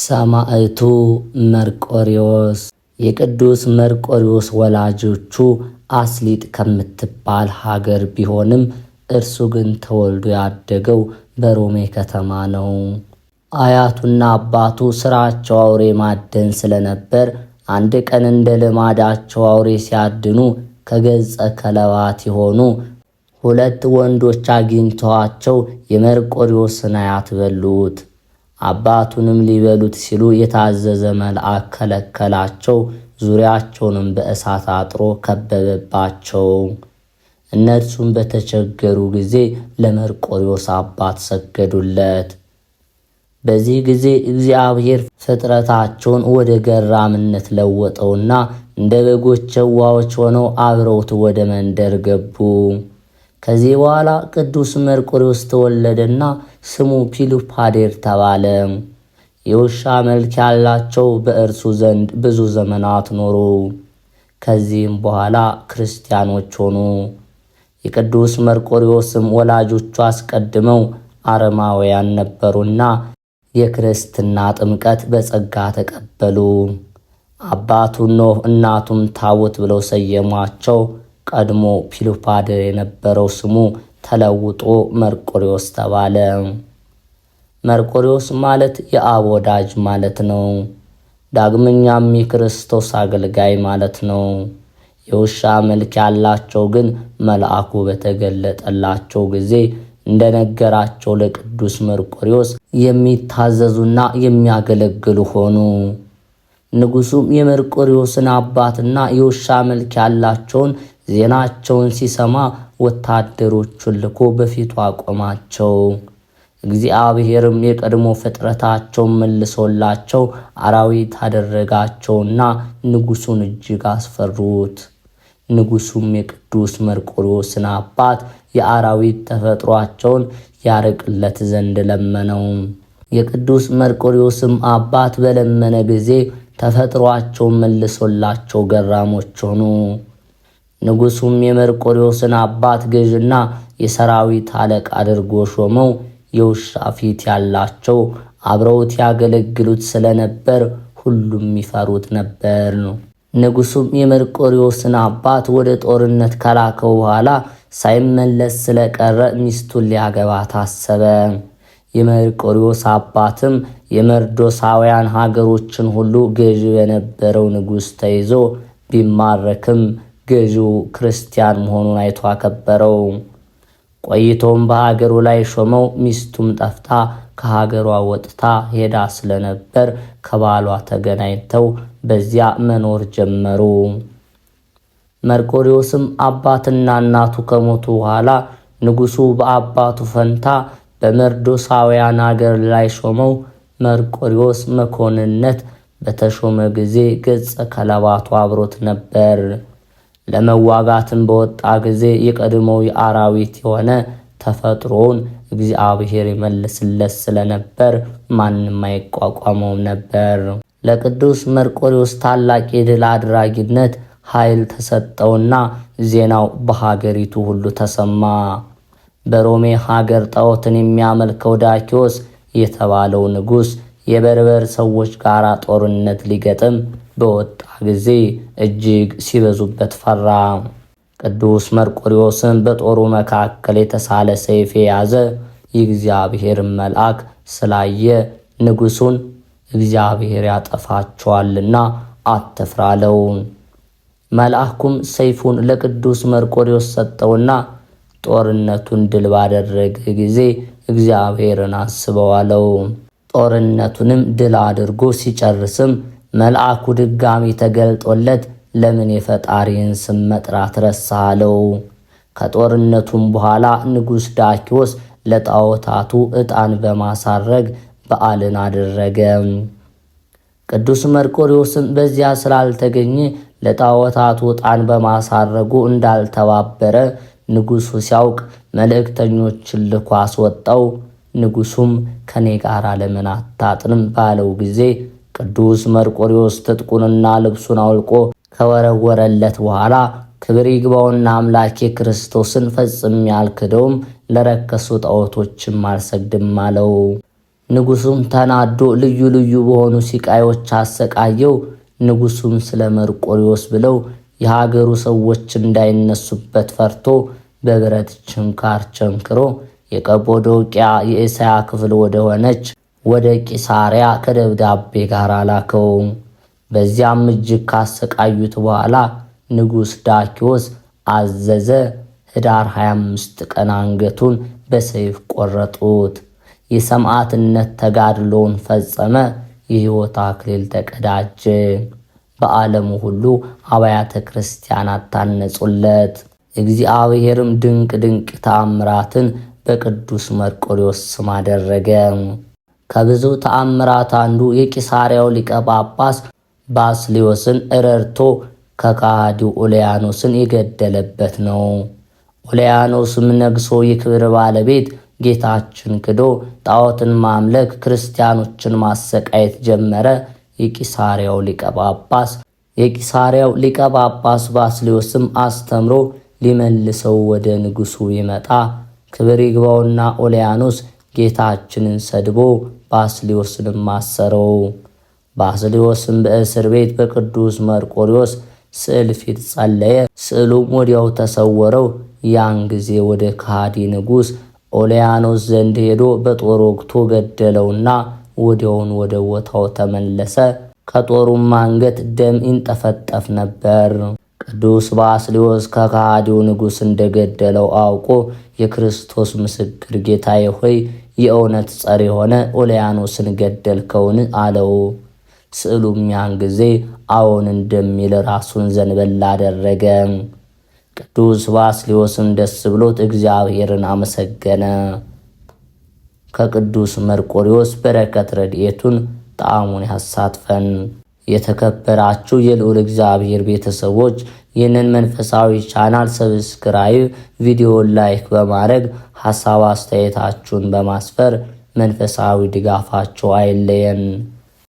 ሰማዕቱ መርቆሪዎስ የቅዱስ መርቆሪዎስ ወላጆቹ አስሊጥ ከምትባል ሀገር ቢሆንም እርሱ ግን ተወልዶ ያደገው በሮሜ ከተማ ነው። አያቱና አባቱ ስራቸው አውሬ ማደን ስለነበር አንድ ቀን እንደ ልማዳቸው አውሬ ሲያድኑ ከገጸ ከለባት የሆኑ ሁለት ወንዶች አግኝተዋቸው የመርቆሪዎስን አያት በሉት። አባቱንም ሊበሉት ሲሉ የታዘዘ መልአክ ከለከላቸው። ዙሪያቸውንም በእሳት አጥሮ ከበበባቸው። እነርሱም በተቸገሩ ጊዜ ለመርቆሪዎስ አባት ሰገዱለት። በዚህ ጊዜ እግዚአብሔር ፍጥረታቸውን ወደ ገራምነት ለወጠውና እንደ በጎች የዋዎች ሆነው አብረውት ወደ መንደር ገቡ። ከዚህ በኋላ ቅዱስ መርቆሪዎስ ተወለደና ስሙ ፒሉፓዴር ተባለ። የውሻ መልክ ያላቸው በእርሱ ዘንድ ብዙ ዘመናት ኖሩ። ከዚህም በኋላ ክርስቲያኖች ሆኑ። የቅዱስ መርቆሪዎስም ወላጆቹ አስቀድመው አረማውያን ነበሩና የክርስትና ጥምቀት በጸጋ ተቀበሉ። አባቱ ኖህ እናቱም ታቦት ብለው ሰየሟቸው። ቀድሞ ፒሉፓድር የነበረው ስሙ ተለውጦ መርቆሪዎስ ተባለ። መርቆሪዎስ ማለት የአብ ወዳጅ ማለት ነው። ዳግመኛም የክርስቶስ አገልጋይ ማለት ነው። የውሻ መልክ ያላቸው ግን መልአኩ በተገለጠላቸው ጊዜ እንደነገራቸው ለቅዱስ መርቆሪዎስ የሚታዘዙና የሚያገለግሉ ሆኑ። ንጉሱም የመርቆሪዎስን አባትና የውሻ መልክ ያላቸውን ዜናቸውን ሲሰማ ወታደሮቹን ልኮ በፊቱ አቆማቸው። እግዚአብሔርም የቀድሞ ፍጥረታቸውን መልሶላቸው አራዊት አደረጋቸውና ንጉሱን እጅግ አስፈሩት። ንጉሱም የቅዱስ መርቆሪዎስን አባት የአራዊት ተፈጥሯቸውን ያርቅለት ዘንድ ለመነው። የቅዱስ መርቆሪዎስም አባት በለመነ ጊዜ ተፈጥሯቸውን መልሶላቸው ገራሞች ሆኑ። ንጉሡም የመርቆሪዎስን አባት ገዥና የሰራዊት አለቃ አድርጎ ሾመው። የውሻ ፊት ያላቸው አብረውት ያገለግሉት ስለነበር ሁሉም ይፈሩት ነበር ነው። ንጉሡም የመርቆሪዎስን አባት ወደ ጦርነት ከላከው በኋላ ሳይመለስ ስለቀረ ሚስቱን ሊያገባ ታሰበ። የመርቆሪዎስ አባትም የመርዶሳውያን ሀገሮችን ሁሉ ገዢ በነበረው ንጉሥ ተይዞ ቢማረክም ገዢው ክርስቲያን መሆኑን አይቶ አከበረው። ቆይቶም በሀገሩ ላይ ሾመው። ሚስቱም ጠፍታ ከሀገሯ ወጥታ ሄዳ ስለነበር ከባሏ ተገናኝተው በዚያ መኖር ጀመሩ። መርቆሪዎስም አባትና እናቱ ከሞቱ በኋላ ንጉሱ በአባቱ ፈንታ በመርዶሳውያን አገር ላይ ሾመው። መርቆሪዎስ መኮንነት በተሾመ ጊዜ ገጸ ከለባቱ አብሮት ነበር። ለመዋጋትም በወጣ ጊዜ የቀድሞው የአራዊት የሆነ ተፈጥሮውን እግዚአብሔር ይመልስለት ስለነበር ማንም አይቋቋመውም ነበር። ለቅዱስ መርቆሪዎስ ታላቅ የድል አድራጊነት ኃይል ተሰጠውና ዜናው በሀገሪቱ ሁሉ ተሰማ። በሮሜ ሀገር ጣዖትን የሚያመልከው ዳኪዎስ የተባለው ንጉሥ የበርበር ሰዎች ጋር ጦርነት ሊገጥም በወጣ ጊዜ እጅግ ሲበዙበት ፈራ። ቅዱስ መርቆሪዎስን በጦሩ መካከል የተሳለ ሰይፍ የያዘ የእግዚአብሔር መልአክ ስላየ ንጉሱን እግዚአብሔር ያጠፋቸዋልና አተፍራለው። መልአኩም ሰይፉን ለቅዱስ መርቆሪዎስ ሰጠውና ጦርነቱን ድል ባደረገ ጊዜ እግዚአብሔርን አስበዋለው ጦርነቱንም ድል አድርጎ ሲጨርስም መልአኩ ድጋሚ ተገልጦለት ለምን የፈጣሪን ስም መጥራት ረሳለው? ከጦርነቱም በኋላ ንጉሥ ዳኪዎስ ለጣዖታቱ ዕጣን በማሳረግ በዓልን አደረገ። ቅዱስ መርቆሪዎስም በዚያ ስላልተገኘ ለጣዖታቱ ዕጣን በማሳረጉ እንዳልተባበረ ንጉሡ ሲያውቅ መልእክተኞችን ልኮ አስወጣው። ንጉሡም ከኔ ጋር ለምን አታጥንም ባለው ጊዜ ቅዱስ መርቆሪዎስ ትጥቁንና ልብሱን አውልቆ ከወረወረለት በኋላ ክብር ይግባውና አምላኬ ክርስቶስን ፈጽም ያልክደውም ለረከሱ ጣዖቶችም አልሰግድም አለው። ንጉሱም ተናዶ ልዩ ልዩ በሆኑ ሲቃዮች አሰቃየው። ንጉሱም ስለ መርቆሪዎስ ብለው የሀገሩ ሰዎች እንዳይነሱበት ፈርቶ በብረት ችንካር ቸንክሮ የቀጶዶቅያ የእስያ ክፍል ወደ ሆነች ወደ ቂሳሪያ ከደብዳቤ ጋር አላከው። በዚያም እጅግ ካሰቃዩት በኋላ ንጉሥ ዳኪዎስ አዘዘ። ህዳር 25 ቀን አንገቱን በሰይፍ ቆረጡት። የሰማዕትነት ተጋድሎውን ፈጸመ። የሕይወት አክሊል ተቀዳጀ። በዓለሙ ሁሉ አብያተ ክርስቲያናት ታነጹለት። እግዚአብሔርም ድንቅ ድንቅ ተአምራትን በቅዱስ መርቆሪዎስ ስም አደረገ። ከብዙ ተአምራት አንዱ የቂሳሪያው ሊቀ ጳጳስ ባስሊዮስን እረርቶ ከካሃዲው ኦሊያኖስን የገደለበት ነው። ኦሊያኖስም ነግሶ የክብር ባለቤት ጌታችን ክዶ ጣዖትን ማምለክ ክርስቲያኖችን ማሰቃየት ጀመረ። የቂሳሪያው ሊቀ ጳጳስ የቂሳሪያው ሊቀ ጳጳስ ባስሊዮስም አስተምሮ ሊመልሰው ወደ ንጉሡ ይመጣ ክብር ይግባውና ኦሊያኖስ ጌታችንን ሰድቦ ባስሊዮስንም አሰረው። ባስሊዮስም በእስር ቤት በቅዱስ መርቆሪዎስ ስዕል ፊት ጸለየ። ስዕሉም ወዲያው ተሰወረው። ያን ጊዜ ወደ ካሃዲ ንጉሥ ኦሊያኖስ ዘንድ ሄዶ በጦር ወግቶ ገደለውና ወዲያውን ወደ ቦታው ተመለሰ። ከጦሩም አንገት ደም ይንጠፈጠፍ ነበር። ቅዱስ ባስሊዮስ ከካሃዲው ንጉሥ እንደገደለው አውቆ የክርስቶስ ምስክር ጌታዬ ሆይ የእውነት ጸር የሆነ ኦልያኖስን ገደልከውን አለው። ስዕሉም ያን ጊዜ አዎን እንደሚል ራሱን ዘንበል አደረገ። ቅዱስ ባስልዮስም ደስ ብሎት እግዚአብሔርን አመሰገነ። ከቅዱስ መርቆሪዎስ በረከት ረድኤቱን ጣዕሙን ያሳትፈን። የተከበራችሁ የልዑል እግዚአብሔር ቤተሰቦች ይህንን መንፈሳዊ ቻናል ሰብስክራይብ፣ ቪዲዮን ላይክ በማድረግ ሀሳብ አስተያየታችሁን በማስፈር መንፈሳዊ ድጋፋችሁ አይለየን።